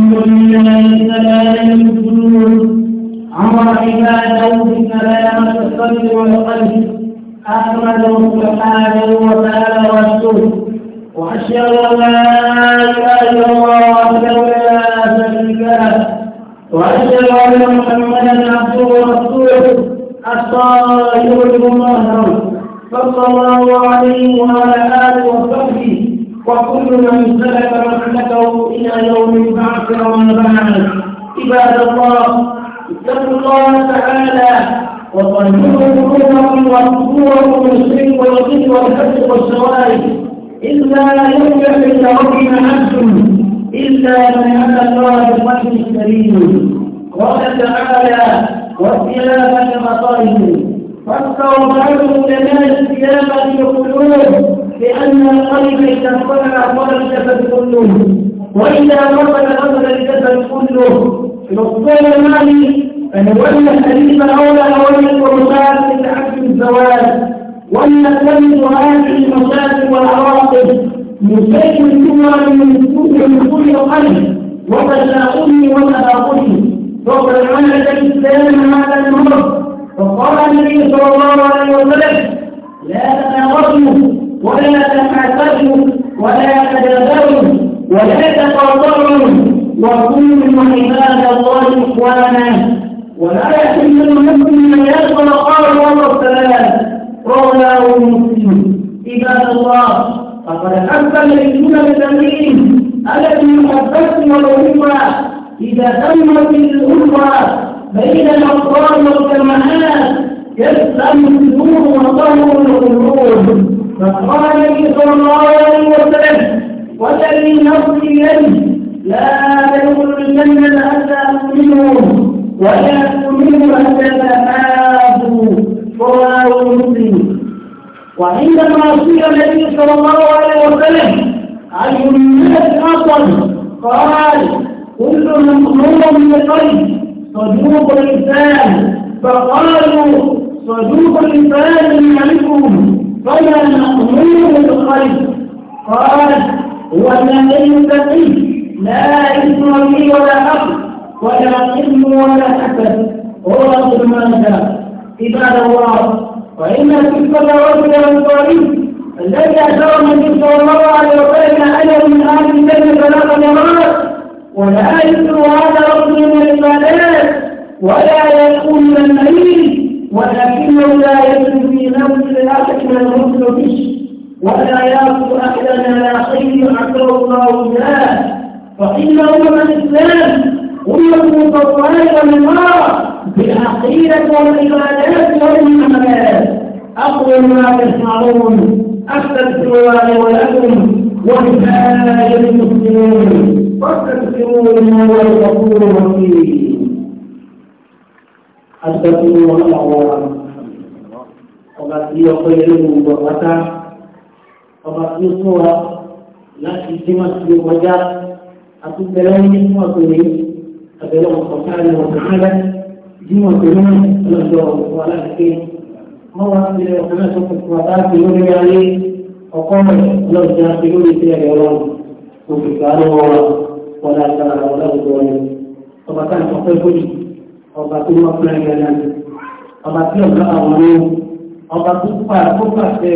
الحمد لله فلا يمكنون الصدر والقلب احمده سبحانه وتعالى رسوله واشهد ان اله الله وحده لا شريك له واشهد محمدا عبده ورسوله الصالح المطهر صلى الله عليه وعلى اله وصحبه وكل من سلك رحلته إلى يوم البعث وما بعد عباد الله اتقوا الله تعالى وطهروا قلوبكم وقلوبكم من الشرك والحج والحسد والشوائب إلا ينجح إلى لربنا نفس إلا من أتى الله بقلب سليم قال تعالى والثياب كمطائف فاستغفروا لنا الثياب في القلوب لأن القلب إذا انفصل انفصل الجسد كله وإذا انفصل انفصل الجسد كله المالي أن فنولى الحديث الأولى أولى القرصات لتعكس الزواج ونستمد هذه المشاكل والعواقب مشاكل كبرى من كل كل قلب وتشاؤمي وتناقضي فقد عملت الإسلام هذا المرض فقال وهو رسول ما شاء عباد الله ọpẹ́ yẹn lóko gbogbo pátá ọba tí ó fún wa láti dímọ̀ sí i kọjá àtúntẹ̀lẹ́ ní fún ọ̀tọ̀lẹ́ àbẹ̀lẹ̀ ọ̀kọ̀ọ̀ká rẹ̀ ọ̀kọ̀ọ̀kálẹ̀ dímọ̀ pẹ̀lú ọlọ́dọ̀ ọ̀kọ̀ aláàfin wọ́n wá sí ilẹ̀ ọ̀kọ̀ náà tó kọ̀ fún wa láti lórí ayé ọkọ̀ rẹ̀ ọlọ́dọ̀ àti lórí ìṣẹ́ rẹ̀ ọlọ́run kò fi gbà lọ́wọ́ wa wọ́n dá sára wọn láwùjọ rẹ̀ ọba táwọn ọ̀pẹ́ bóyì ọba tó wọ́n fúnra ẹ̀ ọba tó pa tó pàṣẹ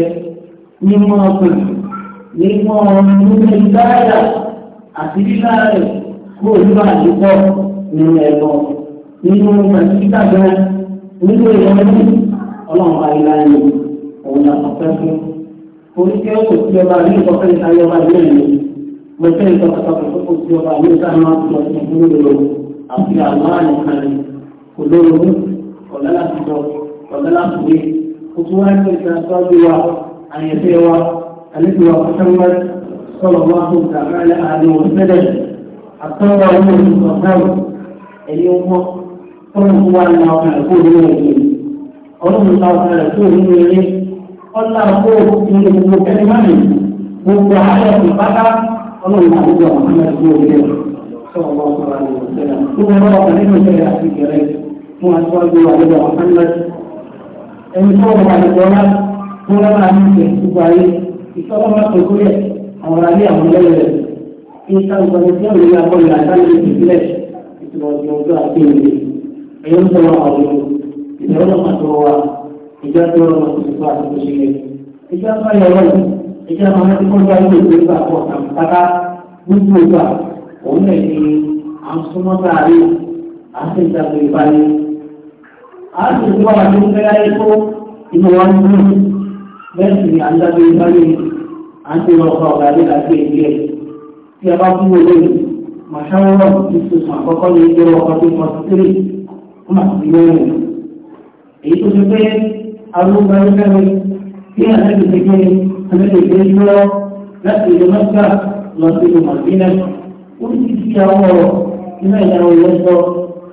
mímọ́ ọ̀gbìn mímọ́ nílé ìdáyà àti lílá rẹ̀ kó olúwa àdúgbò nínú ẹ̀rọ nínú màsíkà gan nínú ìrọ̀lú ọlọ́run ayélujára òun náà ọ̀fẹ́ fún oríkẹ́ kò sí ọba ní ìkọ́fẹ́ ìtayọ ọba ìlú ẹ̀mí mo fẹ́ ìtọ́kọ̀tọ̀kọ̀ tó kò sí ọba ní ìtayọ ọba ìlú ẹ̀mí àti àwọn àyíkalẹ̀ kò lóorun kò lálàtúndọ̀ kò lálàtúndẹ̀ خطوات الإنسان عن يسيرة التي هو محمد صلى الله تعالى عليه وسلم حتى هو المتصور اليوم قل هو الله يقول إليه قل ان يقول إليه قل لا أقول إليه كلمة منذ عشرة البقرة قل الله محمد يقول إليه صلى الله عليه وسلم ثم مرة منه شيئا في كريم هو أسوأ محمد ẹni tó wọ àlùkọ́lá tó wọ́n máa ń ṣe gbogbo ayé ìtọ́wọ́ máa tó kúrẹ̀ àwọn alẹ́ àwọn lẹ́yìn rẹ̀ kí sáwọn tí wọ́n lè abọ́ ìlà sáré ìpínlẹ̀ ìtumọ̀ ìjọba àti ìwé ẹ̀yọ́ ń tọrọ àwọn ìjọba náà máa tọrọ wa ìjọ tó rọ máa tuntun fún àtúntò ṣe yẹ ìjọ bá yọ ọ́ ìjọ máa ń kọ́ bá yọ ìgbé gbà pọ̀ kàmpátá gbogbo ìgbà òun lè ní à ń súnmọ́ sáà rí à ń ṣèjàgbé ìbáyé àti ìwọ́ àti ìfẹ́ ayé tó inú wọn ń dùn bẹ́ẹ̀ sì ni àdájọ́ ìbáyé àti ìrọ̀pá ọ̀gá ilé àti ìgbẹ́ tí a bá fún wọn lóyún màṣáwọ́rọ̀ ìṣòṣù àkọ́kọ́ ní ìgbẹ́ ọkọ̀ tó kọ́ sí tírì fún àti mẹ́rin èyí tó ti pé arúgbó ẹgbẹ́ tí àtẹ́gbẹ̀ tẹ́gbẹ́ àtẹ́gbẹ̀ ìgbẹ́ láti ìlú mẹ́ta lọ sí ìlú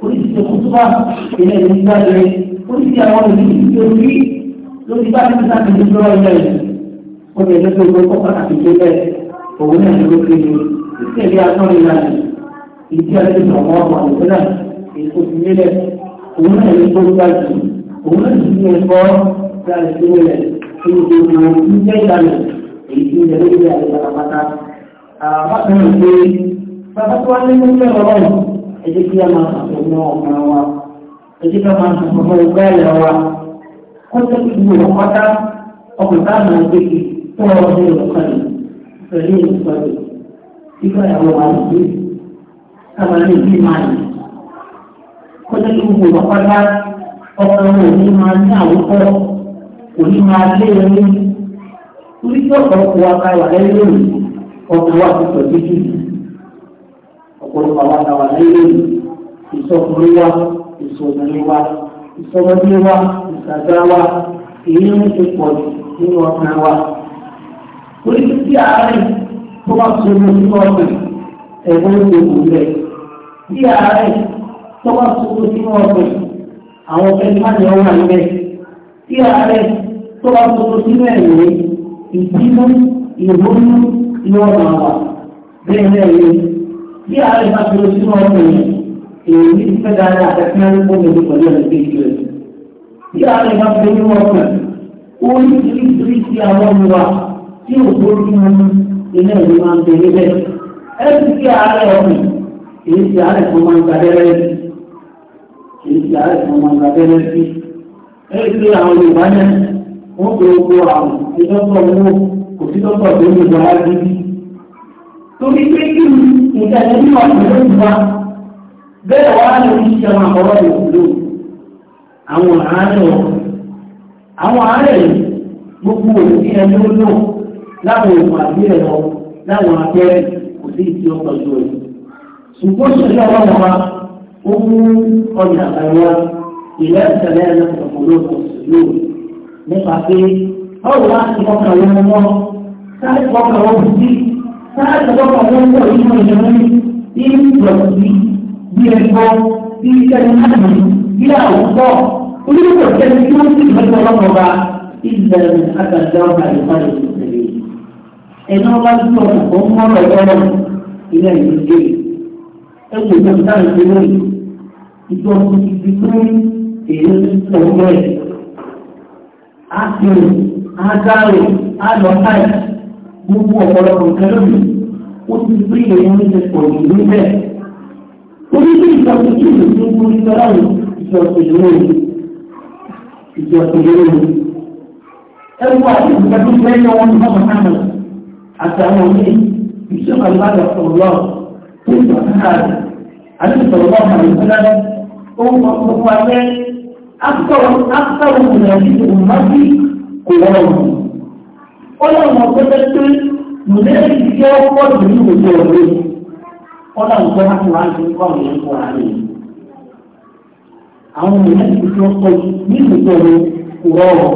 oríṣiríṣi kútúbà ilẹ̀ ìlú gbàgbé oríṣiríṣi àwọn ìlú ìlú lórí bá ti sáà ti dúró ilẹ̀ yìí ó lè lọ́sọ̀ ìgbó kọ́ pàtàkì tó bẹ́ẹ̀ òun náà ló kéde ìtẹ̀lé atọ́rin ìlànà ìdí àti ìtọ̀mọ́ ọ̀pọ̀ àwùjọ náà èso ti lélẹ̀ òun náà ló gbó gbàgbé òun náà ti ní ẹ̀kọ́ ìlànà ìlẹ̀ ìgbòho ìjẹ́ ìlànà èyí ti ń yẹ lórí àyè ẹjẹ́ kí a máa sàfihàn ọ̀gá wa ẹjẹ́ kí a máa sàfihàn ọ̀gá ìyá wa kọ́tẹ́ kí gbogbo ọ̀pátá ọkùnrin tá a máa gbé kí tó ọ̀rọ̀ ní ìlọ́kàlẹ̀ pẹ̀lú ìlọ́kàlẹ̀ ìgbà ìyàwó wa nìyí sábà ní ìdí máa yìí kọ́tẹ́ kí gbogbo ọ̀pátá ọkùnrin ò ní máa ní àwòkọ́ kò ní máa lé ẹni ọ̀pọ̀lọpọ̀ àwọn àtàwà lẹ́yìn ìsọkùnrin wa ìsọ̀bìnrin wa ìsọmọdé wa ìsàgbá wa èyí ń ti pọ̀ nínú ọkàn wa. oríṣi tí àárẹ̀ tó bá so ní ojú ọ̀gbìn ẹ̀gbọ́n ló kò lẹ̀. tí àárẹ̀ tó bá so ní ojú ọ̀gbìn àwọn ọ̀gbẹ́ni má ní ọwọ́ tí àárẹ̀ tó bá so ní ojú ẹ̀yẹ ìdílé ìhónú ni wọ́n máa bẹ́ẹ̀ bẹ́ẹ̀ bí ààrẹ bá fi oṣù náà wọ̀ yìí èyí ti fẹ́ dáadáa àtẹ̀kẹ́ ó lè ní pẹ̀lú ẹ̀ lẹ́yìn rẹ̀. bí ààrẹ bá fi oṣù náà wọ̀ orí ìrírí ti àwọn ìwà tí ò tó rí wọn ilé ìlú máa ń tẹ̀lé bẹ́ẹ̀. ẹ ti ààrẹ ọ̀gbìn èyí ti ààrẹ kan máa ń gbàdẹ́rẹ́ sí èyí ti ààrẹ kan máa ń gbàdẹ́rẹ́ sí. ẹ ti àwọn Yorùbá náà wọ́n tó gbọ́ àwọn ìdọ́tọ̀ owó kò sí torí pé kí ìtẹ̀lẹ́ ní ọ̀sẹ̀ ló ń bá bẹ́ẹ̀ wá lè fi ṣe àwọn àkọ́rọ́ ìwúlò àwọn àárẹ̀ ọ̀ àwọn àárẹ̀ gbogbo òbí ẹni ó lò láwọn òògùn àbí ẹ̀rọ láwọn abẹ́rẹ́ kò sí ìtì ọkọ̀ ju ẹ̀ ṣùgbọ́n ṣẹlẹ̀ ọlọ́wọ́ wa ó mú ọjà àbáyọ ìlẹ́ ìtẹ̀lẹ́ ẹ̀ lọ́sọ̀ kò lóògùn nípa pé báwo wá ti ọkàn wọn mọ́ sáàtì ọkọ̀ tó ń pọ̀ ìjọba ní bí ìdọ̀tí bí ẹ̀kọ́ bí ìṣẹ́ni náà bí àwùjọ onídìbò tẹ́lẹ̀ tí wọ́n ti ìfẹ́ ọlọ́pọ̀ bá ilẹ̀ àgbàdo ọba ìpàdé ìṣẹ̀lẹ̀ ẹ̀nà ọba tí wọ́n kọ́ ń mọ́ ọ̀rọ̀ ilẹ̀ ìdíje ẹ̀kọ́ ìjọba táwọn ìṣẹ̀lẹ̀ ìjọba ti di pé èyí ń sọ á ti rò á dárò á lọ káyà gbogbo ọ̀pọ̀lọpọ̀ nǹkan lónìí ó ti bí èèyàn ní ìṣẹ̀pọ̀ ìlú bẹ́ẹ̀. orí bí ìjọba tí ìlú tó ń gbórí sọ́lá ní ìjọba ìlú ìjọba ìlú ẹwú àti ìjọba tó fẹ́ yọ wọn ní bàbá náà àtàwọn ní ìjọba ìbàdàn sọ̀rọ̀ lọ tó ìjọba náà àti ìjọba náà ní ó ń ó láwọn ọgbẹ́fẹ́ pé mùlẹ́rì jẹ́ ọkọ̀ jù ní gbogbo ọ̀rẹ́ ó láwọn ọgbẹ́ láti wá ní ọ̀rọ̀ yẹn kọ́ àárẹ̀ yìí àwọn mùlẹ́rì tí ó kọ́ ní gbogbo ọ̀rẹ́ kò rọrọ̀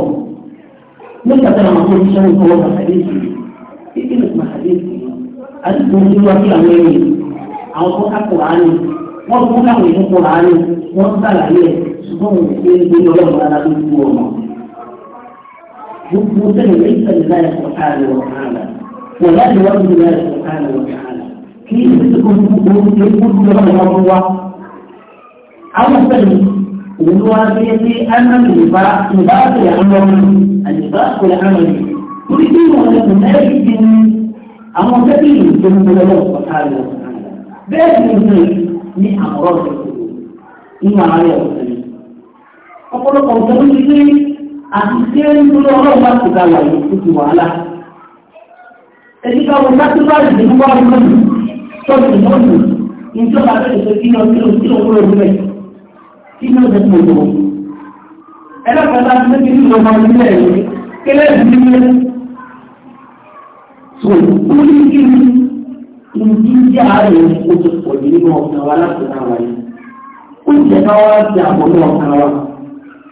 nígbà tí àwọn akọ́ni sọ́rọ̀ kọ́ wọ́n màkàdéèkì títí lè màkàdéèkì àti kò ní wá sí àwọn ẹ̀yìn àwọn tó ká kọ̀ àárẹ̀ wọ́n tó káwọn èèyàn kọ̀ àárẹ̀ wọ́n sàlàyé ṣùgbọ́n òun ti ń gbé ọlọ́run حكم ليس لله سبحانه وتعالى ولا لوجه الله سبحانه وتعالى كيف تكون يكون رحمه الله أو سلم والوالدة أمر النفاق نفاق العمل النفاق العمل تريدون أن تتأكد أو تبين جنب الله سبحانه وتعالى بأجل ذلك من أمراض القلوب إما عليه وسلم أقول قوة من àti tí ó ń dúró ọlọ́run bá ti gbàgbà yìí ó ti wàhálà. Ẹni ká wo sátífáì ní wọ́n ń lò tọ́jú lọ́dù ìjọba bẹ̀rẹ̀ pé kí lọ sí òsì òwúrọ̀ rẹ̀ kí ló dé pọ̀ lọ. Ẹlẹ́kọ̀ọ́ta ti ní kí ní ìjọba ìbílẹ̀ yìí kélé ìdílé. Sọ ó ní kí ni ìdí jẹ́ àárẹ̀ oṣù pọ̀ nínú ọ̀sán wa láti náà wáyé. Ó jẹ́ ká wá sí àbọ̀lọ́ ọ̀sán wa.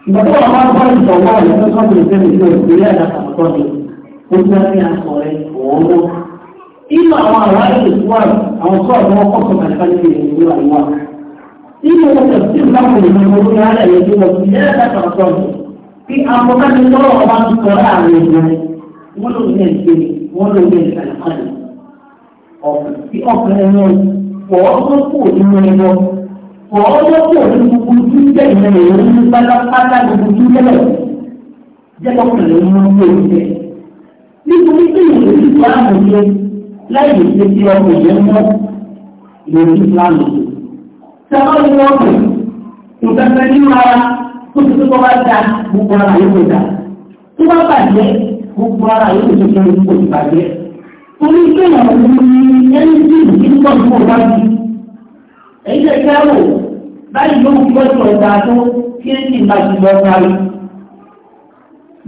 Ìgbàgbọ́ àwọn akọ́ ìṣọ̀wọ́ àyẹ̀ tó kọ́ bẹ̀rẹ̀ bẹ̀rẹ̀ ìlú ìgbéyà àdàkọ̀ ni ó ti rẹ́ àkọ́ rẹ̀ Inú àwọn àwọn àyè ìṣúwà àwọn tó àwọn ọkọ̀ tó kàlẹ́ kálí ní ìlú àríwá. Inú wọn tẹ̀ sí ìlànà ìlú orí alẹ́ yẹn lọ sí ilé àdàkọ̀ ni. Bí àfọ̀káni tọ́lọ̀ ọba ń sọ láàrin ìlú wọn ló ní ẹ̀ṣẹ̀ wọn ló ní ẹ̀ṣẹ̀ àlàkàlẹ̀ ọ̀ọ́dọ́ kò ní gbogbo tí ń jẹ́ ìrìn èrò ní pátápátá gbogbo tí ń jẹ́ lẹ̀ jẹ́ lọ́kùnrin ní orí oúnjẹ. nítorí pé ìròyìn ìsìláàmù yẹ láì lè ṣe ti ọkọ̀ yẹn mọ́ ìròyìn ìsìláàmù. sábà ní wọ́n pè nǹkan kan nínú ara tó ti tó bá da gbogbo ara yóò da tó bá bàjẹ́ gbogbo ara yóò tó tó kò ti bàjẹ́. torí pé ìròyìn ẹni tí ìdí ń bọ̀ nípò bá ti ẹ̀yìn ẹ̀ká wò báyìí ló ń gbọ́dọ̀ ìgbà tó kí ń sì máa ti lọ parí.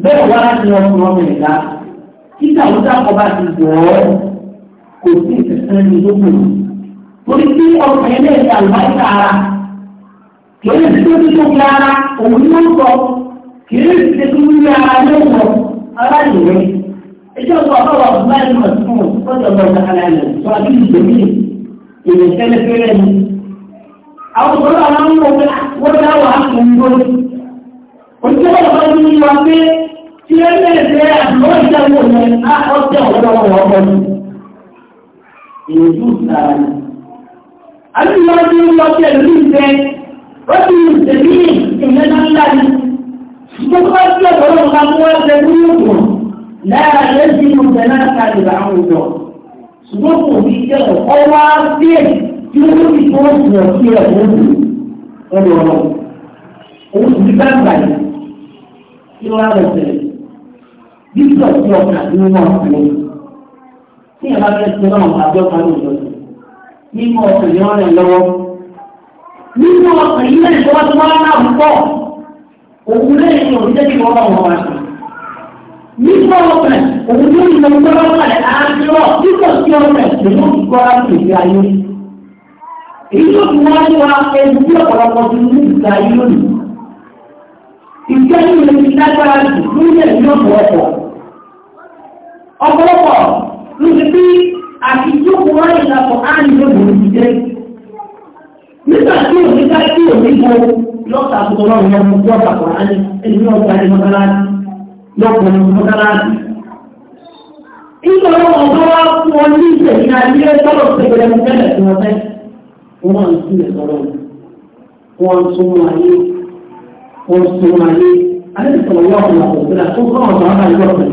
bẹ́ẹ̀ wá láti ọkùnrin ọmọ ìlà títà ló dákọ̀ bá ti wọ̀ ọ́ kò sí ìfẹsẹ̀ ní lóko. torí tí ọkùnrin náà ti àlùbáyé ara kìí ṣe tó tó fi ara òun ló ń sọ kìí ṣe tó fi ara ló ń sọ aláìwé. ẹjọ́ sọ ọ̀rọ̀ ọ̀gbọ́n ẹ̀dùn ọ̀sùn ọ̀sùn ọ̀sùn ọ̀sùn ọ̀sùn ọ̀sùn ọ̀sùn ọ̀sùn ọ̀sùn ọ̀sùn ọ̀sùn ọ̀sùn ọ̀sùn ọ̀sùn àwọn òṣèlú àwọn ọmọ wọ́n dá wà á kò ní wá pé ní wọ́n bọ́ tí ọ̀dọ́ wọn bá mú wọn ṣe fún tí ó ní kó mọ̀ sí ẹ̀ wọ́n lù ẹ̀rọ òun sì bá gbà yìí kí wọ́n á lọ sẹ̀rẹ̀ bísọ̀ sí ọkà tí wọ́n máa fún un tí ẹ̀ bá fẹ́ sọ náà àjọ kan ló sí nínú ọkàn yìí wọ́n lọ́wọ́ nínú ọkàn yìí lẹ́yìn tó wá tó wá náà ń pọ̀ òun lẹ́yìn tó ń jẹ́ wọ́n bá wọn wá sí nígbà ọ̀pẹ̀ òun yóò yọ ọgbọ́n ọ̀pẹ̀ àjọ nígbà tí ọ̀pẹ̀ ló ń gbọ́ èyí ló ti wá ní wa ẹni tí ọ̀pọ̀lọpọ̀ ti ní ìgbà yìí lónìí. ìgbà yìí lè fi lágbára jù lórí ẹ̀mí ọ̀pọ̀lọpọ̀. ọ̀pọ̀lọpọ̀ ló ti bí àti jókòó ráyè lápò áàrùn lóògùn òṣìṣẹ́. nígbà tí òní ká tí òní bo lọ́ọ̀tà tó lọ́ọ̀ lọ mú bí ọ̀pọ̀ àkọ́rá ní ẹni ní ọ̀gá ní mọ́tálásì lọ́pọ̀ ní mọ́tálásì. ìgbà wọn ọ̀gá wa wọ́n máa ń sílẹ̀ sọ́rọ̀ wọ́n súnmọ́ ayé wọ́n súnmọ́ ayé alẹ́sọ̀rọ̀ wọ́n ọ̀nà òṣèlú tó kọ́ ọ̀nà ọ̀nà ìlọ́pẹ̀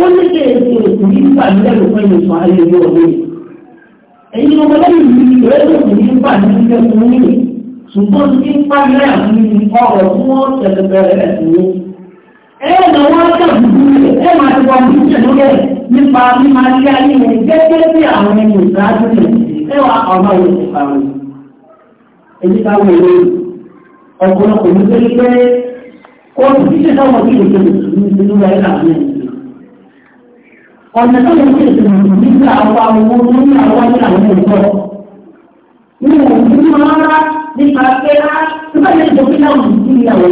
ó ní kí èsì èsì nígbà nílẹ̀ ló fẹ́ yóò sọ ayé ìlú ọ̀lẹ́ èyí ló wọlé ìlú ìrẹ́ tó kù nígbà nílẹ̀ fún mi ṣùgbọ́n ti ń pa ilé àfihàn ọ̀rọ̀ tí wọ́n tẹ̀lé bẹ̀rẹ̀ sí ní. ẹ ẹ̀nà wọn kàbùkù ẹ máa ti wọ àbújẹ lókè nípa mímá ilé ayé rẹ̀ gẹ́gẹ́ bí àwọn ẹni ìsáájú rẹ̀ mẹ́wàá ọ̀nà òun ní pé pé kóòtù tí sọ́wọ́ sí ètò ìlú ayé àmì ọ̀nà tó yẹ kí ètò ìlú nígbà àwọn àwọn owó ní àwọn ayé àwọn ẹ̀kọ́ ní òun ní rárá nípa pé á tí bá yẹ kí òfin náà wù sí àwọn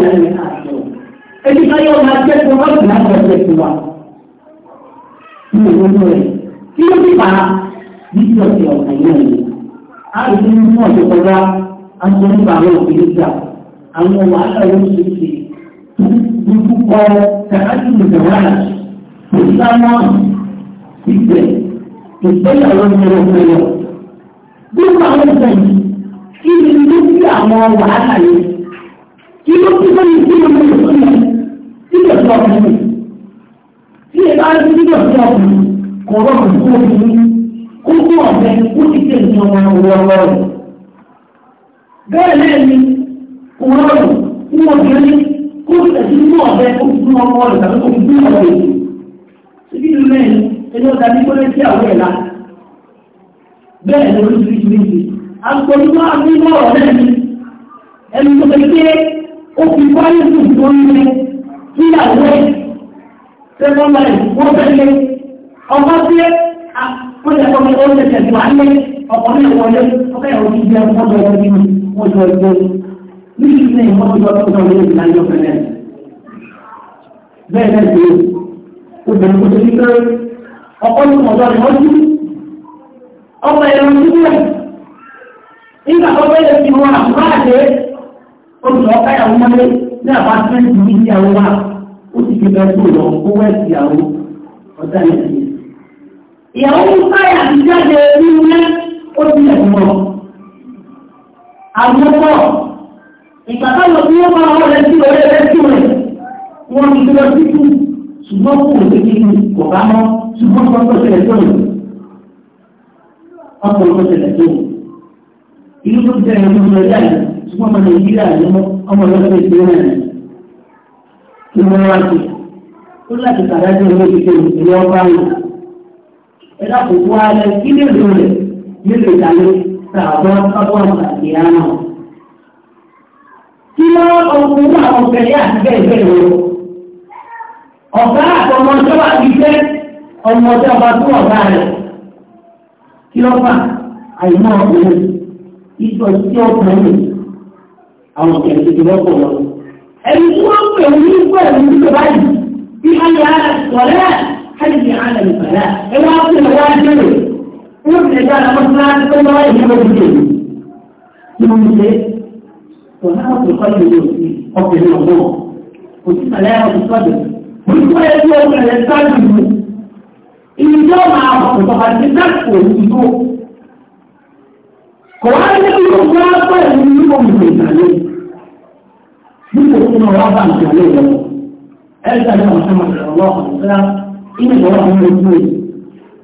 ẹ̀rẹ́ àjọ níbi ọ̀sẹ̀ ọ̀sẹ̀ yẹn ni a lè fi mú ọ̀sẹ̀ kọjá aṣọ nípa àwọn òfin nígbà àwọn wàhálà oríṣiríṣi gbogbo kọ kàkàtì nìgbàwárà ìsáná ìgbẹ́ ìgbéyàwó ní ọ̀sẹ̀ yọ. gbogbo àwọn ọ̀sẹ̀ yìí kí ni ló fi àwọn wàhálà yìí kí ló fi lóyún kí ló fi lóyún kí ló fi ọkùnrin tí ẹ bá rí nígbà tí ọkùnrin kò rọrùn fún obìnrin kókó ọ̀fẹ́ kó ti tẹ̀ ní ọmọ ọwọ́ ọlọ́run. Bẹ́ẹ̀ náà ni ọlọ́run ní obìnrin kó ti tẹ̀sí ní ọ̀fẹ́ kó ti tún ọmọ ọlọ́run tàbí kó ti tún ọmọ ọlọ́run. Ibi ìlú mẹ́rin ẹni ọ̀dà ní kọ́lé sí àwọn ẹ̀la. Bẹ́ẹ̀ ni oríṣiríṣi méjì. Àgbọ̀nùmọ́ àgbẹ̀mọ́ ọ̀rọ̀ náà ni ẹni tó fẹ́ pé ó fi wáyé sùn tó ń lé síyàwó ẹ̀ sẹ́kọ̀ọ́ ó lè kọ́ mi ó lè tẹ̀sí wá lé ọkùnrin ìwọlé ọkọ̀ ìwọ ti jẹ wọ́n jọ ẹgbẹ́ mi wọ́n jọ ẹgbẹ́ mi níbi ìsinmi ìwọ́n tó jọ tó jọ lé ìlànà ìjọ fẹ́lẹ́. bẹ́ẹ̀ náà ṣe obìnrin kò tóbi pé ọkọ̀ ìwọ̀n ọ̀dọ́ rẹ̀ wọ́n ti ọkọ̀ ẹ̀rọ ti wẹ̀ nígbà tó bẹ́ẹ̀ ti wọn àbúrò àdé oṣù ọkọ̀ ìyàwó mọ́lé ní àbá ìyàwó ń fáyà ti jáde orí ilé ó ti lè mọ̀. Àwọn ọmọ ìgbàkálọ̀ tí wọ́n máa wọlé sí orí ẹgbẹ́ sí rẹ̀ wọ́n ti lọ sí kú ṣùgbọ́n kò lè kí ni kò bá mọ́ ṣùgbọ́n kò tó ṣẹlẹ̀ tó rẹ̀. Ọkọ̀ tó ṣẹlẹ̀ tó rẹ̀. Ìlú tó jẹ́ ẹ̀rọ ìlú ẹ̀dá yìí ṣùgbọ́n ọmọ Nàìjíríà ni ọmọ ọlọ́sẹ̀ ìlú rẹ̀ rẹ̀. Ìmọ̀ràn àti ó láti kàdájọ́ ilé ìṣèlú ìlú ọ ẹ̀dá kò wá lẹ kí nílò rẹ̀ nílò ìdálé tààbọ̀ sábọ̀ àti àná. Kí ló ọkùnrin àwọn ọ̀fẹ́lẹ́ àti bẹ́ẹ̀ bẹ́ẹ̀ lọ? Ọ̀gá àtọmọ ìjọba ti jẹ́ ọmọ ìjọba tó ọ̀gá rẹ̀. Kí ló fà àìmọ́ ọkùnrin? Ìjọ tí ọkùnrin àwọn ọ̀kẹ́ ti lọ́pọ̀ lọ. Ẹni tí wọ́n pè ní ìgbà ìlú ìjọba bí wọ́n yára sọ̀rẹ́ àti هذه عالم الفلاح العاصمة الواجب وابن كان مصنع كل ما يهمه بالدين من مثل وهذا القلب حب الله وفي صلاة الصدر ويقول يقول على القلب إن جمع طبعا تذكر وجوه قرآن النبي صلى الله عليه وسلم يقول من الإنسانين يقول إنه رفع الإنسانين أنت محمد صلى الله عليه وسلم nínú ìwọ́n àwọn ojú rẹ̀.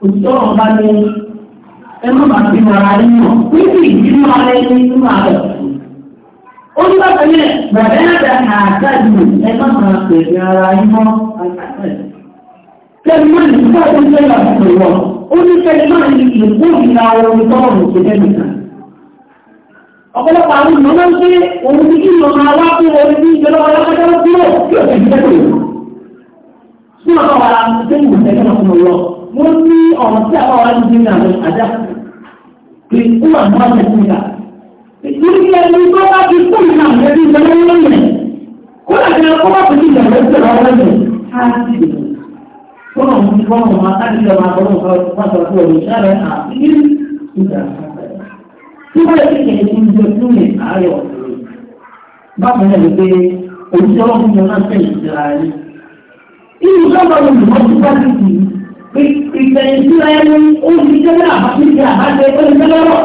Òtítọ́ wọn bá ní ẹ má bàa fi mọ ara yín mọ̀ níbi ìdílé ara yín nínú àlọ́. Ó ní bàbá yẹn bàbá yẹn dà ní àtàdì ẹ má máa pèsè ara yín mọ́ àtàkùn. Kẹ́mi máa ní ìfọ́ ọdún tó yà fún ìwọ̀. Ó ní kẹ́mi máa ní ìkó ìlà orin tọ́ọ̀rù tó dẹ́ nìkan. Ọ̀pọ̀lọpọ̀ àwọn ìmọ̀ máa ń gbé ohun tí kí ìmọ̀ máa wá fún orin tí ìjọba ọlọ́pàá sẹ́yìn ìṣẹ́jú náà fún ọlọ́ mo ní ọ̀rọ̀ tí àwọn ará ti dín àwọn àjá kì í kú àwọn àjẹ fún ìgbà. ìdílé ẹni tó bá ti kú ìgbà ẹni tó bá ń lọ kó làbí ẹni tó bá ti dìgbà ẹni tó bá ń lọ á ti dìbò. kọ́nà mo ti fọ́nà máa ká nílò máa bọ́ lọ́wọ́ fún ọ̀sán fún ọ̀rọ̀ ìṣàlẹ̀ àti ìgbà. tí wọ́n ti kẹ̀ ẹni tó ń lè àárẹ̀ ọ̀sán báwo ni ẹ̀ Irú sọ́mọ ni mo ti bá ti dì í. Ìtẹ̀yìntìlá ẹni ó ti jẹ́lẹ̀ àbájú ti àbájẹ ó ti jẹ́lẹ̀ rọ̀.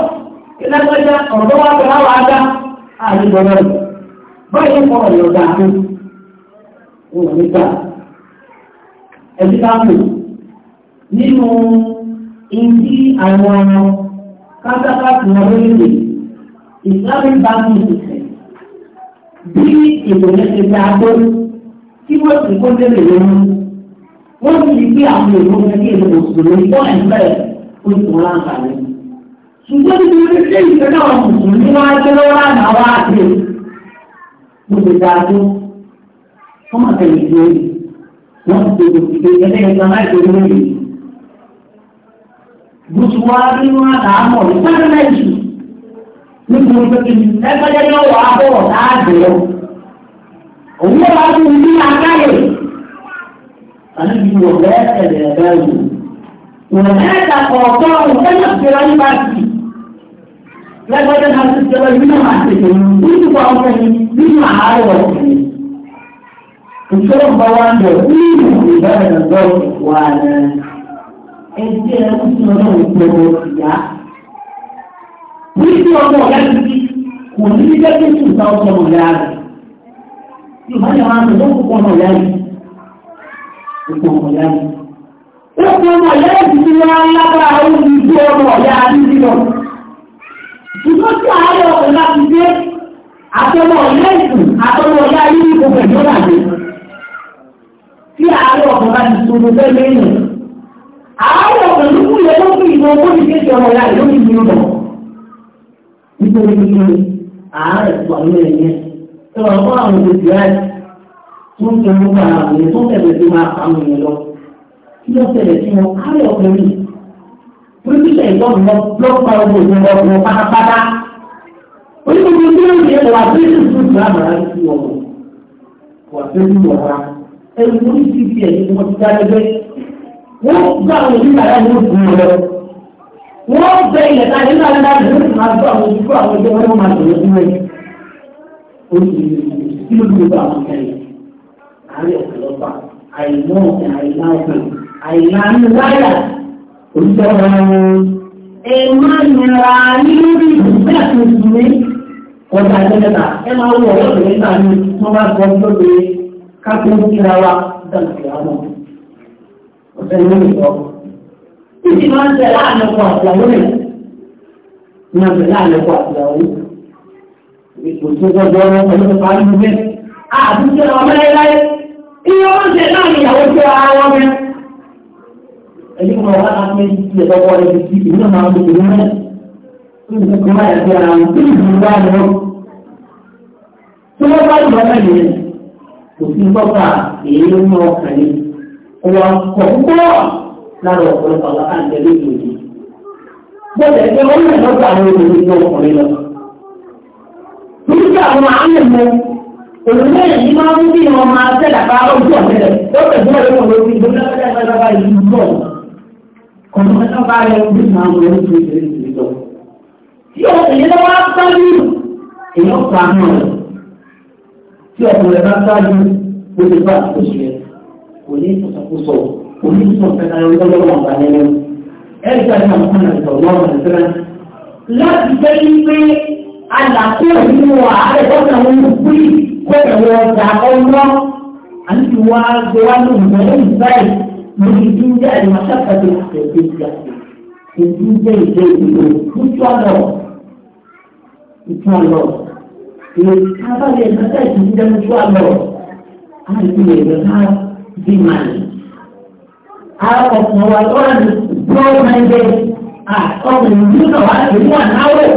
Ìlàgbẹ́jà ọ̀dọ́ wa pẹ̀lú àwọn ajá àyíbọn rẹ̀. Báyìí kọ́ ọ̀yọ̀ dà mí. Wọ́n nígbà. Ẹbí ká mú. Nínú ìdí àwọn kátákátì wọn lórílẹ̀ Islamic banking system bí ìbòlẹ́sẹ̀ ti tó kí wọ́n sì kó délé lóyún wọ́n sì gbé àwọn èèyàn fún kí èèyàn mùsùlùmí fún ẹ̀fẹ́ oṣù láǹkàní. ṣùgbọ́n ní orí ṣé ìfẹ́ náà mùsùlùmí wá jẹ́ lọ́wọ́ àná wá mo dáa tó wọ́n máa tẹ̀lé wọ́n ti tẹ̀lé wa ní nítorí pé kí ẹgbẹ́ òun ló máa tún ní àkáyè. Àníbi wò bẹ́ẹ̀ tẹ̀lé ẹ̀dá yìí. Wò bẹ́ẹ̀ tàkọ̀ ọ̀tọ́ òǹtẹ́lẹ̀ fìlà ní báàkì. Lẹ́gbẹ́dẹ́ náà ti jẹ́ ìlú náà máa tètè nínú wa ọ̀fẹ́ ni nínú àárọ̀ ọ̀fẹ́ ni. Ìṣòro bá wá ń bẹ̀ nínú ìbẹ̀rẹ̀ lọ́dọ̀ wà lẹ́. Ẹgbẹ́ ẹ̀kú sí ọdún ìgbòho ìyá. Wíṣí ọmọ ọ̀gá ti kò ní jẹ́ kí ìtàn ọmọ ọ̀gá rẹ̀. Yorùbá yà máa ń lọ kókó ọmọ ìyá yìí. Kókó ọmọ ìyá yìí. Kókó ọmọ ìyá yìí ti wá lábára orí ìgbé ọmọ ìyá àdúgbò lọ. Ìjọ tí àárọ̀ ọ̀pọ̀ láti dé àtọmọ ìyá ìsìn àtọmọ ìyá yìí kò pẹ̀lú àdé. Tí àárọ̀ ọ̀pọ̀ láti sọ̀rọ̀ tó wà fún àwọn olùdí rẹ̀ tó ń tẹnu nípa àwọn èèyàn tó ń tẹ̀lé sí máa pa àwọn èèyàn lọ. kí ló ṣẹlẹ̀ sí wọn kárí ọkùnrin oríṣiríṣi ìtọ́jú lọ ló pa ogun ìwé ọkùnrin pátápátá. oríṣiríṣi tí wọ́n ń ṣe wà sí ìṣúṣú ìgbàmọ̀ láti ọ̀rọ̀ wà sí ìṣúṣú ọ̀rá ẹni oríṣiríṣi ẹ̀ ní wọ́n ti dá lẹ́gbẹ́. wọ́n gbà wọn nígbà láti ó dùn lọ. wọ́n bẹ ilẹ̀ ta nígbà láti ó dùn máa oríṣiríṣi kí ló gbogbo àwọn ẹ̀yìn àárẹ̀ ọ̀pọ̀lọpọ̀ àìmọ́ ọ̀sẹ̀ àìlá ọ̀sẹ̀ àìlá ní wáyà oríṣiríṣi ọ̀rọ̀ ẹ̀wọ̀n. ẹ máa nira ní lórí ìdílé àti ìdílé ọjà ìjọba ẹ máa wọ ọ̀rọ̀ ìgbà ní wọ́n bá gbọ́ lóde kápẹ́ kíra wa dàgbà wọn. ọ̀sẹ̀ ní ìgbọ́. títí máa ń tẹ̀ láàánú ọkọ̀ àtìyàwó rẹ̀ máa ń tẹ̀ láàánú ọkọ̀ àtìyàwó ipò ọmọ ẹláyé iye oúnjẹ náà ni ìyàwó tó ara wọn mẹ́. ẹni mọ̀ wá láti ní ti ẹ̀dọ́gbọ́ rẹ̀ ti di ìlú náà máa ń gbèdé mẹ́. nígbà tó máa yàgbé ara wọn tí ìlú bá lọ. ẹgbẹ́ wọn ọmọ àmì mú òṣèlú máa ń bí wọn máa tẹ̀lé bá ojú ọ̀tẹ̀lẹ̀ ó tẹ̀sí ọ̀rẹ́ wọn lórí ìgbónáwó ìlú bọ̀ kọ̀ọ̀kan bá rẹ̀ ń bí máa ń wọ ojú ìlú ìlú tí ọ̀sẹ̀lẹ̀ lọ́wọ́ á sáájú èèyàn pa àmọ́ rẹ̀ tí ọkùnrin bá sáájú ó ti bá àkóso rẹ̀ kò ní ìsọ̀sọ̀kóso kò ní ìsọ̀sọ̀kóso láti fẹ́ yí pé alàkó nínú àárẹ̀ bọ́tà wọn pé kọ́kẹ́ wọn ọjà ọlọ́ àti wá gbé wá ní ìgbẹ́lẹ́ ìbáyìí lórí tí ń jẹ́ àdìmọ́sáfàdé àtẹ̀gbẹ́ ìjà èyí ń jẹ́ ìjẹ́ ìlú ìtúọ̀lọ̀ ìtúọ̀lọ̀ èyí kábàlẹ̀ ìgbàgbà a jẹ́ ìtúọ̀lọ̀ àti ìrẹ̀ ká bí màlì. Àwọn ọ̀pọ̀ wa lọ́wọ́ ni bọ́ọ̀mù ẹgbẹ́ àtọ́mù ìlú náà wà lórí àdáwọ̀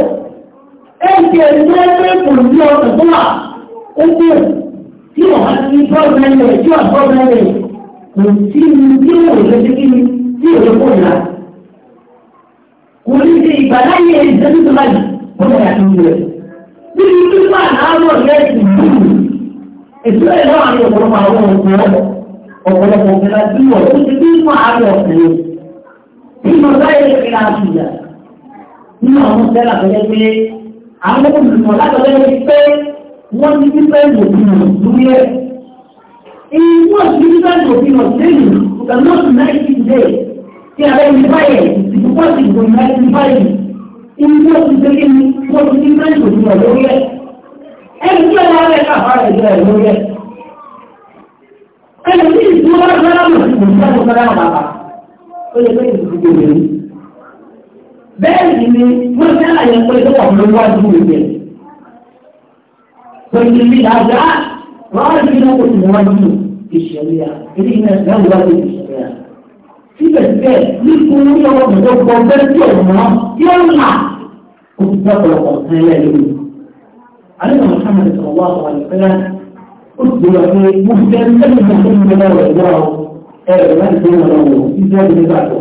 ẹ̀kẹ́ ẹgbẹ́ kò ní ọkùn tó wà ó tí wọ́n á ti gọ́ọ̀mẹ́ntì tí wọ́n gọ́ọ̀mẹ́ntì kò sí ní tí wọ́n lè fi kí ni tí ò lè kó ìlà. kò ní ṣe ìgbàláyé ìṣẹ́jú tó báyìí wọ́n yà kí n lè. níbi tí wọ́n àárọ̀ lẹ́sìn yìí ètò ẹ̀ náà ni ọ̀pọ̀lọpọ̀ àwọn ọ̀pọ̀lọpọ̀ ọ̀pọ̀lọpọ̀ ọ̀pẹ̀lá tí wọ́n ó ti bí wọ́n àárọ̀ ọ̀pẹ̀lẹ̀ nínú ọ̀gá ẹ̀rẹ̀ ìlà àṣìyà nínú àwọn ọ̀pẹ̀lá pẹ̀lẹ́ pé àwọn olùsọ̀ látọ̀lẹ́ ti pé wọ́n ti ti fẹ́ ìwòfinà lórí ẹ̀. Ìwọ́n ti ti fẹ́ ìwòfinà lẹ́yìn ìgbàlú ọ̀sùn náà ti dé tí a bẹ́ẹ̀ ní báyẹ̀ ìdúpọ̀ sí ìbò ìlà ti báyìí. Ìwọ́n ti fẹ́ kí ni wọ́n ti ti fẹ́ ìwòfinà lórí ẹ̀. Ẹni tí ọwọ́ rẹ̀ káfà rẹ̀ jẹ́ lórí ẹ̀. Ẹni tí ìdúró rẹ̀ lọ́wọ́ bẹ́ẹ̀ ni ni wọ́n fẹ́ àyè pé tó wà ló wá ju ìwé. Pèsè mi dàgbà wọ́n á rí iná kò sì wọ́n ju ìṣẹ̀lẹ̀ à. Èdè iná ìgbà wo wá ju ìṣẹ̀lẹ̀ à. Síbẹ̀síbẹ̀ nítorí ọwọ́ mọ̀tò gbọ́ bẹ́ẹ̀ tí ò mọ́ yóò là kó ti bá ọ̀pọ̀lọpọ̀ kan yẹ lórí. Alẹ́ náà Mùsàmà ti sọ̀rọ̀ wá àwọn ìpẹ́lá. Ó ti gbọ́dọ̀ pé mo fẹ́ sẹ́yìn mọ̀ fún mi lọ́wọ́ ẹ̀rọ ẹ̀rọ láti gbé wọn lọ́wọ́ ìjọba ìgbàgbọ́.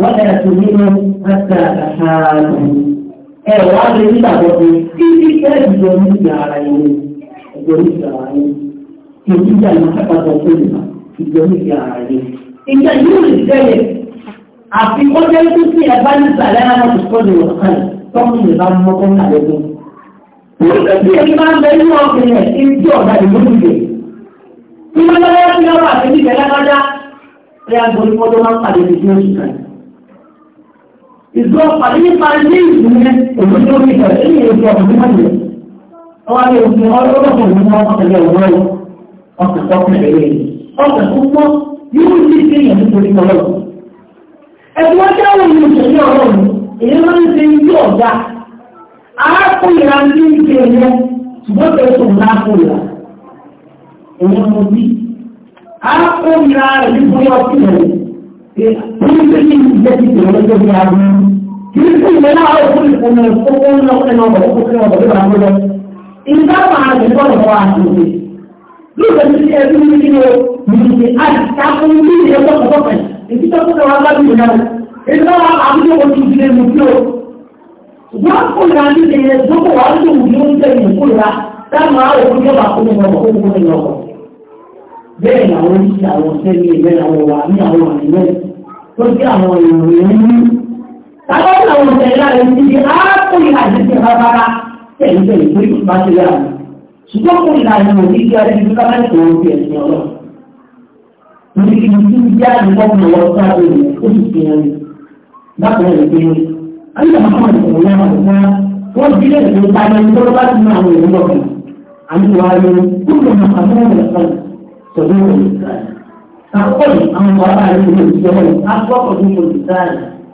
wọ́n ẹ̀ tó nínú ẹ̀ka àṣàrò ẹ̀ wá lè nígbà tó fi títí kẹ́ẹ̀ jọ ní ìgbà ara yìí ẹ̀jọ̀ ní ìgbà ara yìí kí o nígbà yìí kápákọ̀ tó lè má ìjọ ní ìgbà ara yìí. ìgbà yóò lè tẹ́lẹ̀ àfi ó jẹ́ tó sí ẹ̀bá ní ìsàlẹ̀ àwọn ìsọ́lù ọ̀kan tọ́kùn lè bá mọ́kọ́ nàlẹ́gbọ́n. Oríṣiríṣi èyí máa ń bẹ nínú ọkùnrin ẹ̀ tí ọ̀gá ìmúlùdè. Ìmọ̀lẹ́wọ́ ti lọ́wọ́ àti níbẹ̀ lágbájá. Ẹ ìdúró pàdé nípa ilé ní ìgbà tí ìyẹn ìjọ ọ̀hún náà ní wọ́n tẹ̀lé ọ̀rọ̀ yìí ọkàn tọ́kùn ẹ̀rẹ́ yìí ọkàn tó wọ́n yóò ní sí ìyẹn nítorí ọlọ́run. ẹ̀sùn wọn jẹ́ ìlú ìṣẹ̀lẹ̀ ọlọ́run èyí ló ń ṣe ilé ọ̀gá arákùnrin kìí sí ìwé náà fún ìfòmù owó ńlọ ẹnu ọ̀bọ̀ ó fún ọ̀bọ̀ tó bá ń ìgbà máa ń bọ̀ lọ́wọ́ àtúnṣe. lóòótọ́ ti ṣe ẹbí ní kíni o nìyí àìsàn fún bí ìyẹn tọkọ tọkọ èyí tó tọkọ wa lábí ìyẹn náà èyí náà wà á bí ti di ẹnu tí o. wọ́n kó ìlà ní ìyẹn dókò wà á lóhùn ní oúnjẹ ìyẹn kó Takut lah orang saya lah di aku yang ada di mana saya itu itu itu masih lah. Sudah pun lah yang mesti dia ada di mana tu dia ni Allah. Mesti mesti dia di mana Allah tahu ini khusus dia ni. Nak dia ni. Anda Muhammad Sallallahu Alaihi Wasallam. Kau tidak ada tanya itu apa semua yang Allah. Anda wajib kudu Muhammad Sallallahu Alaihi Wasallam. Takut orang orang ini dia. Apa kau ini dia?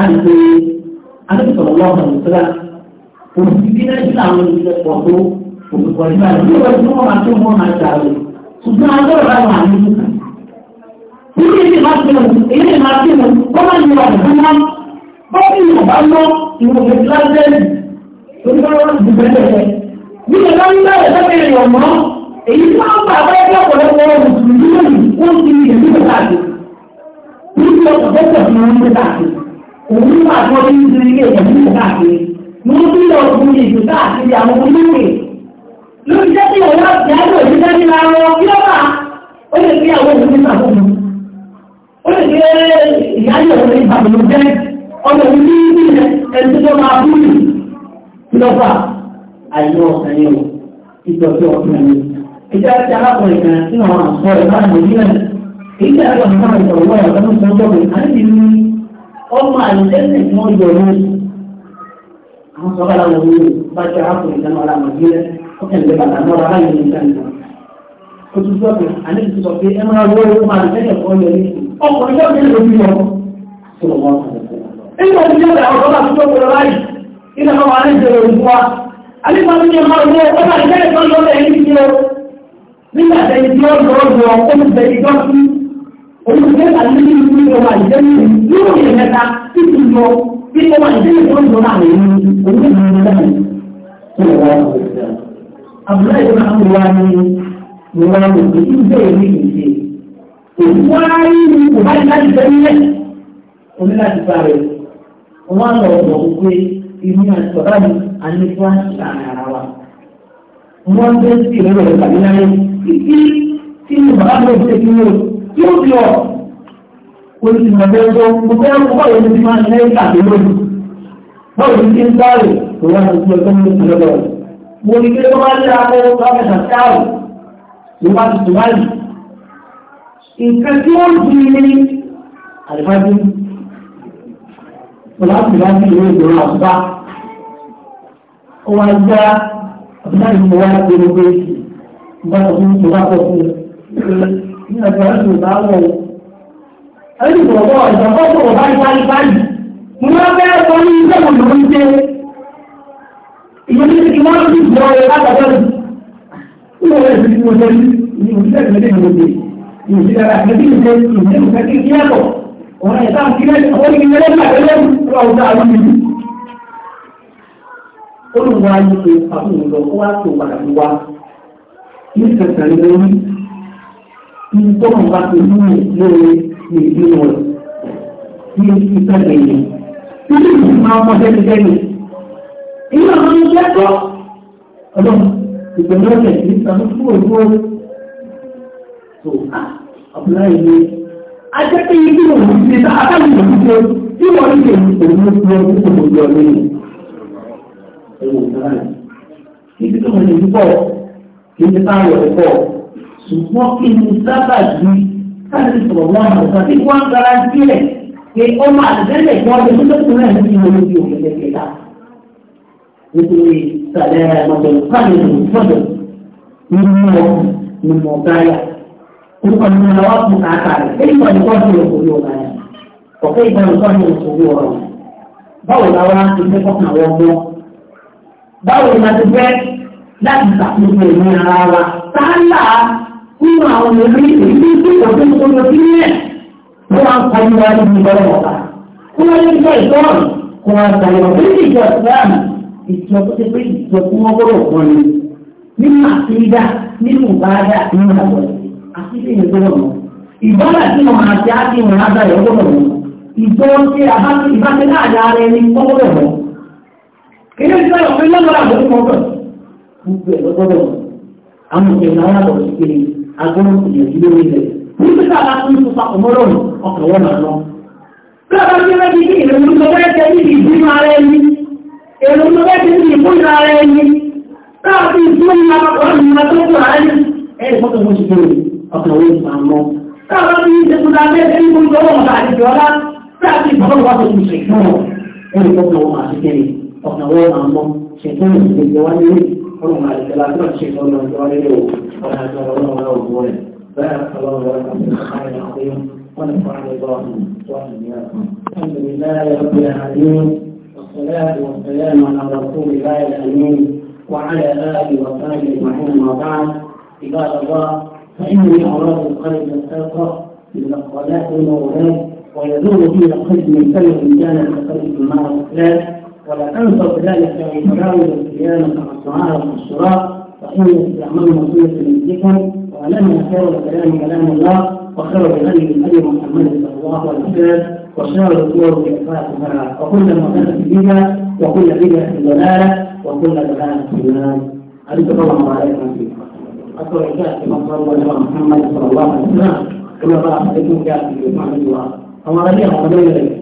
àìpé adébùsọ̀rọ̀ lọ́wọ́ ọ̀hún síra òbí náà sí àwọn ìṣẹ́ pọ̀ tó òkùnkùn ìgbà rẹ̀ bí wọ́n ti wọ́n máa tó wọ́n máa jà rẹ̀ ṣùgbọ́n agbọ́dọ̀ bá wà nínú kan. Ilé ìdè máa fi hàn, ilé ìdè máa fi hàn, wọ́n máa ń yọ ọ̀dọ̀ fún wọn. Bọ́ọ̀lù ìwọ̀n bá lọ ìwọ̀n òkè kíláṣẹ́ẹ̀lì torí wọ́n wọ́n ti bẹ̀rẹ̀ rẹ̀. Bí ìwọ̀n bá ń bẹ̀rẹ̀ òun nígbà tó ti ń diri ilé ìjọba ìjọba káàkiri mo ń bí lọ bu ìjù káàkiri àwọn olóògbé lórí jẹ́ pé òun láti jáde òun jẹ́ nílá wọn kí ló bá ó lè fi àwọn òun nígbà tó mú ó lè fi ìyáyé òun nígbà tó jẹ́ ọmọ òun ní ìlú ẹni tó tó máa búrú kí ló bá àìyọ ọ̀sẹ̀ o ìtọ́jú ọ̀sẹ̀ ni ìjà ti alákùnrin kan sínú àwọn àṣọ ìbáraẹni nílẹ̀ èyí tí a lọ sí àwọn ìtọ̀wọ́ ẹ̀ ọmọ àìsẹ́sẹ̀ tí wọ́n yọ ní àwọn sọ́kà láwọn orí bá jẹ́ arákùnrin ìdáná ara màjí rẹ̀ ó kẹ́ ìgbẹ́ bàtà náà rárá yìí nígbà nígbà ó tún sọ pé àlejò sọ pé ẹ máa wọ owó máa lẹ́yìn ọ̀pọ̀ yọ ní ọkùnrin yóò tẹ́lẹ̀ lórí yọ sọ̀rọ̀ wọn. nígbà tí yóò rà ọ̀dọ́ láti tó kọlọ láyì nígbà tó wà ní ìjẹ̀rẹ̀ òkú wa alẹ́gbà tó yẹ máa wọ owó máa lẹ́yìn ọ̀pọ̀ yọ olùgbé àlejò ìlú ìjọba ìjẹ́lẹ̀ yóò yẹ mẹ́ta títí yọ bí ọba ìjẹ́lẹ̀ tó ń lọ láàrin ní ìwà òkè ìjọ ìlú ìṣe. òwúwa ìlú ní fún àṣà ara wa. wọ́n bẹ́ẹ̀ sí ìrẹ́lẹ̀ ìpàdé náà títí tí bàbá mi ò tí ó fi ọ̀ gbogbo ẹ̀kọ́ bọ́ọ̀lù ti máa ń lẹ́yìn tàbí lónìí bọ́ọ̀lù ní ti sáré òun àti ìjọ tó ń lè fi mo ní pé tó bá lé abẹ́ lọ́mẹ́ta sáré ló bá ti tù báyìí nǹkan tí ó di ní àdìbájú ọ̀la ti bá ti lè lò àbúbá ó wá gbá àbúrò ìmọ̀wá gbogbo ìgbà tó ń tó bá pọ̀ ní ẹ̀fọ́ ẹ̀sùn bá wọ̀ o. ẹ̀rí ìgbọ̀gbọ̀ ìgbọ̀gbọ̀ tó wọ̀ báyìí báyìí báyìí mo máa fẹ́ sọ ní ilé wọn ló ń ṣe ìgbọ̀gbọ̀ ní ìwọ̀n ní òṣìṣẹ́ ìgbẹ́lẹ̀ ṣe àwọn ìlú lọ wá tó padà wá ní kẹsàn lórí ní bá ti mú lóore ní wọn ní ìfẹ́ lẹ́yìn. Títí ìlú máa mọ dẹ́gbẹ́dẹ́gbẹ́. Ìlú àwọn ọmọ ìjẹ́ kọ́. Ọlọ́run ọ̀sẹ̀ kì í fún òkú o. Tó a ọ̀pọ̀lá ìlú. Ajẹ́pẹ́ ibi òun ti ta abáyé òun tó tí wọ́n ń lè òun ló fi ọdún tó kò lẹ́yìn. Ẹ̀wọ̀n ìgbà rẹ̀. Ibi tó wọn lè pọ̀ kì ti tá àyọ̀ pọ̀ ṣùgbọ́n kí ni sábà di káàdì sọ̀rọ̀ wọn àwọn ọ̀sán tí wọ́n ń gara sílẹ̀ pé ó máa tẹ́lẹ̀ kí wọ́n lè tó tẹ́kùn náà ní ìwé ojú òkè kẹta. nítorí sàlẹ̀ ọ̀dọ̀ káàdì ìfọ̀dọ̀ nínú ọkùn ní mọ̀ gáyà. orúkọ ní wọn wá fún kàkà rẹ̀ lẹ́yìn ìgbà nìkan ní òkúrú ọ̀gá yà ọ̀kẹ́ ìgbà nìkan ní òkúrú ọ̀rọ̀ báwo la wá ti fẹ́ kọ́kàn wọ́n mọ́ báwo la ti fẹ́ láti ṣàkóso ìmúra wa sáà nínú àwọn ọmọ ìlú ìlú tí kò tó ń kóyọ sí ilé tó wá ń kọjú wá níbi ìbọ̀wọ̀ ọ̀gá kó wọ́n ní ìjọ ìtọ́rùn kó wọ́n ń tayọ̀ pé ní ìjọ ìsìláàmù ìjọ tó ti pé ìjọ tí wọ́n gbọ́dọ̀ wọ́n ni nínú àtìrídà nínú ìbáradà nínú àbọ̀ àti ilé ìyẹn gbọ́dọ̀ mọ́ ìbára tí wọ́n máa ti á sí ìwọ̀n adáyọ̀ gbọ́dọ̀ mọ́ ìjọ tí ìbáṣe láàyè ara ẹni gbọ́dọ̀ mọ́ ilé ìjọ ìpínlẹ̀ lọ́wọ́ àbẹ̀rẹ̀ mọ́tò gbogbo ẹ̀ lọ́gbọ́dọ̀ mọ́ àwọn ìjọba alábọ̀ sí kiri agbọ́n ìyànjú lórí rẹ̀. Nígbà tí bá tún fún papọ̀ mọ́rọ̀ ọkàn wọn lọ. Bí a bá tún fẹ́ di ìrònú tó bẹ́ẹ̀ tẹ́ níbi ìbínú ara ẹni, èrò tó bẹ́ẹ̀ tẹ́ níbi ìbínú ara ẹni, káàkiri tí ó ń ma papọ̀ ọ̀rọ̀ ìmọ̀ tó kù ara ẹni, ẹ̀rì fọ́tò wọn ti bẹ̀rẹ̀ ọkàn wọn máa lọ. Káàkiri tí ó ń tẹ́kùn láti ẹgbẹ́ ní gbogbo ọwọ́ ọ̀gá àdìjọ́ ẹ̀rì fọ́tò wọn ti kẹ́rì ọkàn حرم على الثلاثة الشيخ صلى الله عليه وسلم وهذا الله ولا وقوله بارك الله ولكم في القرآن العظيم ونفعني الله وإياكم الحمد لله رب العالمين والصلاة والسلام على رسول الله الأمين وعلى آله وصحبه أجمعين ما بعد عباد الله فإني أراد القلب الساقط من الصلاة والمولاد ويزول فيه القلب من كل إنسان كقلب المرء ولا تنسوا كذلك أن تراودوا الصيام مع الطعام والشراب وإن استعمال مصيبة مثلكم وعلمنا خير الكلام كلام الله وخير من ابي محمد صلى الله عليه وسلم وشر الأمور افاقها وكل محدثة بها وكل بدعة ضلالة وكل ضلالة في النار أرجو الله عليكم فيكم أذكر إجابة الله محمد صلى الله عليه وسلم كما قال حديث جاء في محمد الله فما رجع وقبل ذلك.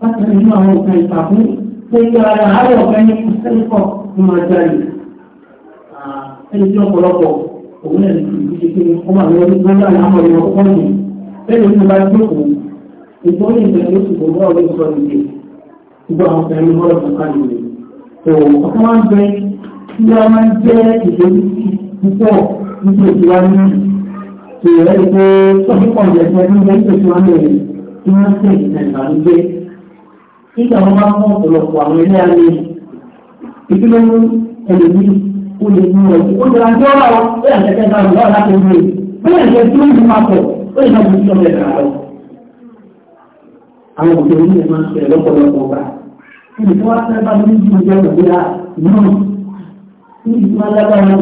láti nínú àwọn òfin ìtàkùn tó ń yára àárọ̀ ọ̀fẹ́ ní ìsẹ́lẹ̀kọ̀ ní máa jáde. Ah, ẹni tí ọ̀pọ̀lọpọ̀ òun ẹ̀rí ti ìdíje kí wọ́n máa lọ ní gbọ́dọ̀ àwọn ọmọ ọkọ̀ ní bẹ́ẹ̀ ni bá jókòó ìgbọ́n ní ìgbẹ́ ló sì gbogbo ọ̀rẹ́ sọ ìdè gbogbo àwọn ọ̀fẹ́ ní bọ́ọ̀lù tó kálí rẹ̀. ọ̀kan máa ń bẹ tí wọ́n máa ń jẹ́ ìdórí púpọ̀ nítorí ìwà ní ní ilé nígbà wọn máa ń mú ọ̀pọ̀lọpọ̀ àwọn ilé ayé ìdílé ní ẹlòmí ó lè mú ọ̀pọ̀ ó lè rájọ́ ọ̀rọ̀ ó lè àtẹ́kẹ́ náà lọ́wọ́ láti mú un bóyá ìjẹ́ tí ó ń máa pọ̀ ó lè máa fi sí ọ̀rẹ́ lọ. àwọn òkè onílé máa ń ṣẹlẹ̀ lọ́pọ̀lọpọ̀ ọ̀gá níbi tí wọ́n fẹ́ bá ní ìdílé jẹ́ náà níbi tí wọ́n lágbára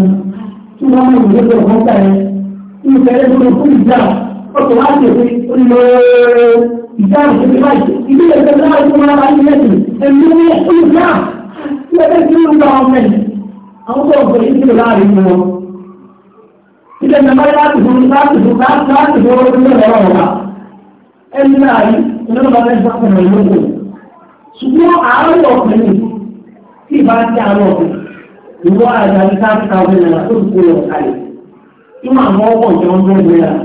ìjáàbù tó ti báyìí ìdí ìgbésẹ̀ tó máa tó máa bá ilé ẹ̀sìn ẹ̀mí ní ìlúgbà tí ẹgbẹ́ tí ó ń bá wọn mẹ́rin àwọn tó ọ̀pọ̀ yìí ti láàrin fún wọn. ìdẹ̀ nàbá láti fún láti fún láti fún ọdún tó lọ́wọ́ wa ẹni náà rí ìlọ́nà bá fẹ́ fún ọ̀rọ̀ ìlú ṣùgbọ́n àárọ̀ ọ̀pẹ̀lẹ̀ tí ìbá ti àárọ̀ ọ̀pẹ̀lẹ̀ ìwọ àjà ní káfíńtà ọ̀pẹ̀lẹ̀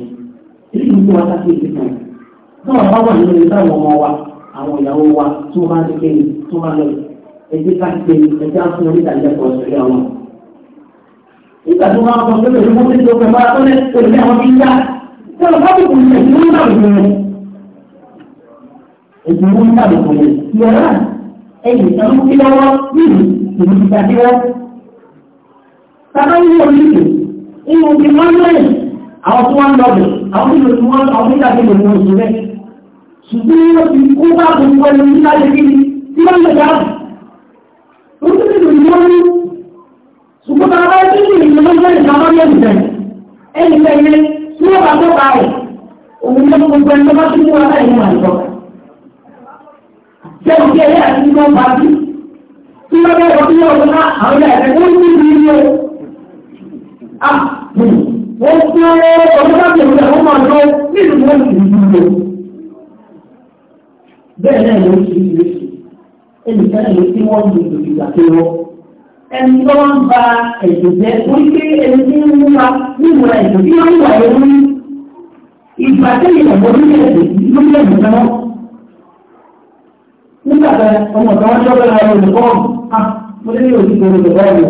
nínú àwọn ìyàwó wa tó bá ń ké tó bá lọ ẹgbẹ́ ká ẹgbẹ́ fún oníta ilé ìṣẹ̀lẹ̀ àwọn. nígbà tó máa ń sọ pé pẹ̀lú mọ́tò tó pẹ̀lú ara tó àwọn bí ń dá tó lọ bá kò ní ẹ̀sìn wọn dàbò fún yẹn. ẹ̀sìn wọn dàbò fún yẹn yọ̀rá ẹ̀yìn ìtàn kí lọ́wọ́ níbi ìgbà tí wọ́n àwọn tó wọ́n lọ́dọ̀ àwọn tó lè wọ́n àwọn tó dàbí lè wọ́n sí rẹ̀ ṣùgbọ́n yóò fi kó bá gbogbo ẹni ní láyé kí ni tí wọ́n lè dáàbò ó tún lè lè wọ́n ní ṣùgbọ́n bá bá tí lè lè wọ́n lẹ́yìn náà wọ́n lẹ́yìn rẹ̀ ẹni lẹ́yìn tí wọ́n bá tó bá rẹ̀ òun ló gbogbo ẹni tó bá tún wọ́n fún ọmọdé ìwé àwọn ló ṣe ìwé sí, ẹnì kan tí wọ́n lè lò ìgbà tó lọ. Ẹni tó ní ẹ̀jẹ̀ lórí ẹ̀jẹ̀ náà.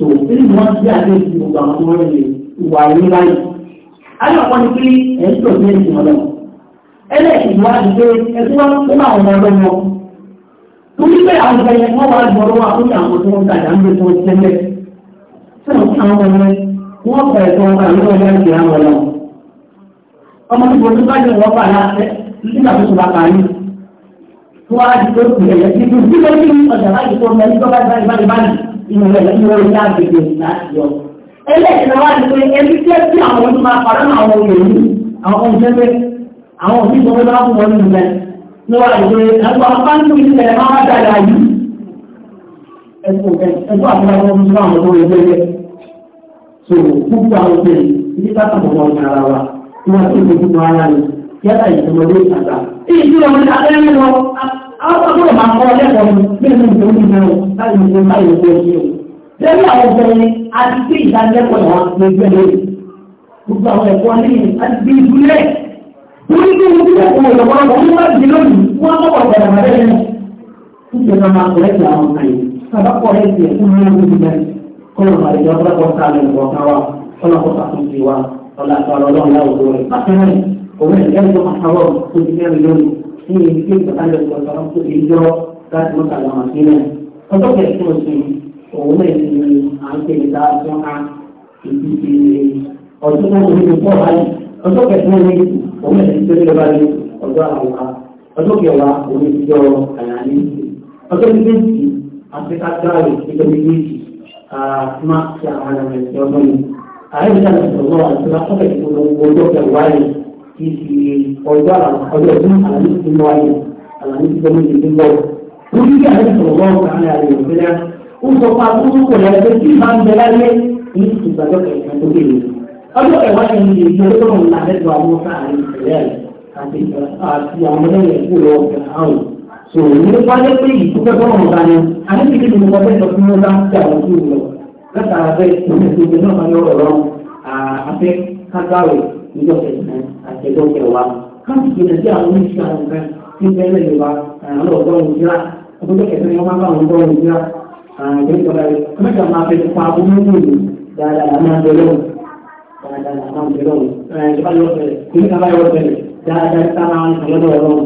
so nínú wọn ti àti èsì gbogbo àwọn tó wọlé ìwà ìlú láyé aláwọ̀ ni pé ẹ̀ ń tọ̀ sí ẹ̀sìn ọlọ́run ẹlẹ́ẹ̀kejì wá ti pé ẹtí wọn kó máa wọn lọ lọ torí pé àwọn ọmọ yẹn wọn wá gbọ́ lọ́wọ́ àkókò àwọn tó ń tajà ń gbé tó ń tẹ́lẹ̀ sọ̀rọ̀ fún àwọn ọmọ yẹn wọ́n bẹ̀rẹ̀ tó ń ìmọ̀lẹ̀ tí wọ́n yá gbèdè láti yọ. ẹlẹ́sìn wa ni pé ẹbí tí ẹbí àwọn ọdún máa fara mọ́ àwọn olè yìí àwọn ọmọ ìjẹ́pẹ́ àwọn òbí tó bá fún wọn nínú rẹ̀ ní wàá ìwé ẹgbẹ́ apáńtó ìṣẹ̀lẹ̀ máa wá dára yìí. ẹgbẹ́ àbúrò àwọn ọmọ ìṣẹ̀lẹ̀ àwọn ọmọ ìṣẹ̀lẹ̀ so gbogbo àwọn obìnrin ní bàtà ọmọ ọmọ ara wa ní wàá tó gbogbo ara rẹ̀ yálà ìṣọmọdé àgbà. èyí tí wọn ti àwọn ọ̀dọ́ máa kọ́ lẹ́kọ̀ọ́ mi nínú ìlú mi náà láti ìlú báyìí ló ń yọ. lẹ́yìn àwọn obìnrin àti pé ìdánilẹ́kọ̀ọ́ yà wọ́n ti gbé lórí. gbogbo àwọn ẹ̀kọ́ ní àti bí tí mi ti ń bàtà lọ́wọ́ ọ̀sán tó lè jọ láti mọ́ta lọ́wọ́ sí náà. ọjọ́ kẹrin tí mo sì òun náà ti ní à ń tẹ̀lé dá fún a ìdí ti ọdún náà mo ní pọ̀ báyìí ọjọ́ kẹrin mi òun náà ti tẹ́lẹ̀ báyìí ọjọ́ àwọn ọjọ́ kẹwàá Kita ti jọ àyàní ọjọ́ méjèèjì àti kájáàrò ìjọ méjèèjì máa ṣe àwọn àmì ọjọ́ mi. ààrẹ ìjọba ìṣòro àti ọjọ́ kẹwàá ìsì ọjọ́ ọjọ́ tí àlàyé ti lọ ayé àlàyé ti gbọ́dọ̀ ti gbọ́. Wọ́n ti gbà láti sọ̀rọ̀ bọ́ọ̀lù kan láàrin ìrọ̀lẹ́ ó sọ fún akókó kò lẹ́yìn pé kí máa ń bẹ láyé ní ìgbàjọ́ kẹ̀kẹ́ tó kéde. ọjọ́ ẹ̀wá yẹn ni èyí ọjọ́ náà ńlá lẹ́tọ̀ àwọn sáàrin ìrẹ̀lẹ́ àti àwọn ẹlẹ́yìn ẹ̀kú lọ àwọn. pé ìtúkẹ́ tó wọn bá àní ti kéde wọn fẹ́ sọ fún wọn bá ti àwọn tó lọ látara bẹ́ẹ̀ tó ń ṣe ìgbẹ́ náà bá yọ ọ̀rọ̀ àfẹ́ kágbáwẹ̀ níjọ́ kẹ̀kẹ́ àtẹ̀gbọ́kẹ̀ wa káàkiri nàbí àwọn oníṣẹ́ àwọn nǹkan tí ń bẹ́ẹ̀ lẹ́yìn wa àwọn ọ̀gbọ́n ìjìlá ọgbọ́n kẹfẹ́ wọn máa bá àwọn ọgbọ́n ìjìlá àgbẹ̀ ìjọba rẹ̀ kọ́mẹ́ta máa fẹ́ pa abúlé nìyí dáadáa máa ń bẹ̀rẹ̀ wọn dáadáa máa ń bẹ̀rẹ̀ wọn ìjọba yóò bẹ̀rẹ̀ kìí kaba yóò bẹ̀rẹ̀ dáadáa ká máa ń sọ̀rọ̀ lọ́wọ́ wọn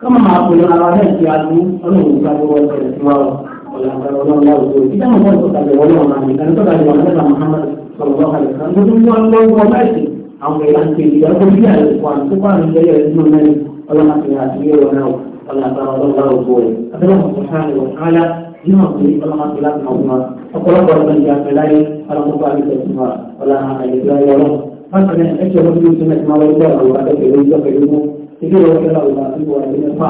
kọ́mọ máa pè ara rẹ̀ ti adú ọlọ́run ìgbà tó wọ́n bẹ̀rẹ̀ sí wa ọ̀là àgbàrọ̀ ọlọ́run láwùjọ ìdáhùn wọn tó kàlẹ̀ wọlé ọ̀nà àmì ìdáhùn tó kàlẹ̀ wọn lẹ́ka Muhammad sọ̀rọ̀ lọ́kàlẹ̀ kan lójú wọn lọ́wọ́ láìsí àwọn ìlànà ìjọba tó bí àyè fún àwọn tó bá ń gbẹ́yẹ̀ nínú mẹ́rin ọlọ́mọ àti àtúnyẹ̀ wọn náà ọlọ́mọ ọlọ́mọ ògbó rẹ̀ abẹ́rẹ́ ọ̀sán sáà ní wọ́n sáà nínú ọ̀gbìn ọlọ́mọ àti láti máa wọn ọ̀pọ̀lọpọ̀ ọ̀sán ìjà pẹ̀láyé ọlọ́mọ bá mi tẹ̀sí wa ọlọ́mọ àyẹ̀dá yọrọ bákan náà ẹ̀ṣẹ̀ ọdún tó tẹ̀lé máa wọ́n gbọ́ àwọn akẹ́kẹ̀ẹ́ ìjọ pẹ̀lú mú ilé ìwọ̀n kẹlá òun àti ìwọ̀n àti mẹ́fà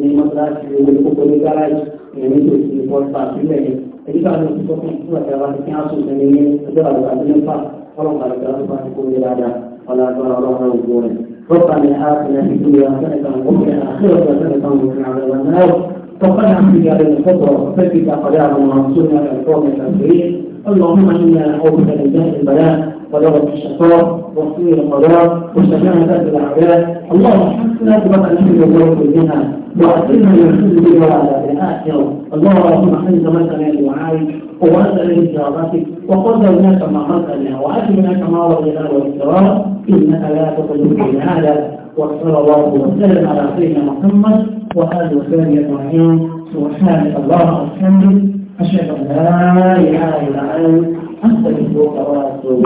ní mọ́tàlá ti owó kókó ní gáràjì ẹ̀mí tó ti bọ́ sáà sílẹ̀ èyí ká ló ti sọ fún ìtura ìjọba ti kí á sùn sí ní ọjọ́ àgbà tó nípa ọlọ́pàá ìjọba tó máa ti kó lé dáadáa ọlá agbára ọlọ́run ògbó rẹ̀ ربنا آتنا في الدنيا حسنة وفي الآخرة حسنة وقنا عذاب النار ربنا أحمد علينا الصبر وثبت أقدامنا وانصرنا على القوم الكافرين اللهم إنا نعوذ بك من البلاء ولغة الشفاء وفي القرار ذات الأعداء اللهم حسنا بما نحن بها منها من يحل بها على الآخرة اللهم أنت مثلا دعائي وأنت وقدر وقدرناك ما وأتي وأكرمناك ما وجدنا والكرام إنك لا تقل بهذا وصلى الله وسلم على سيدنا محمد وآل وسلم أجمعين سبحانك اللهم الحمد أشهد أن لا إله إلا أنت أستغفرك وأتوب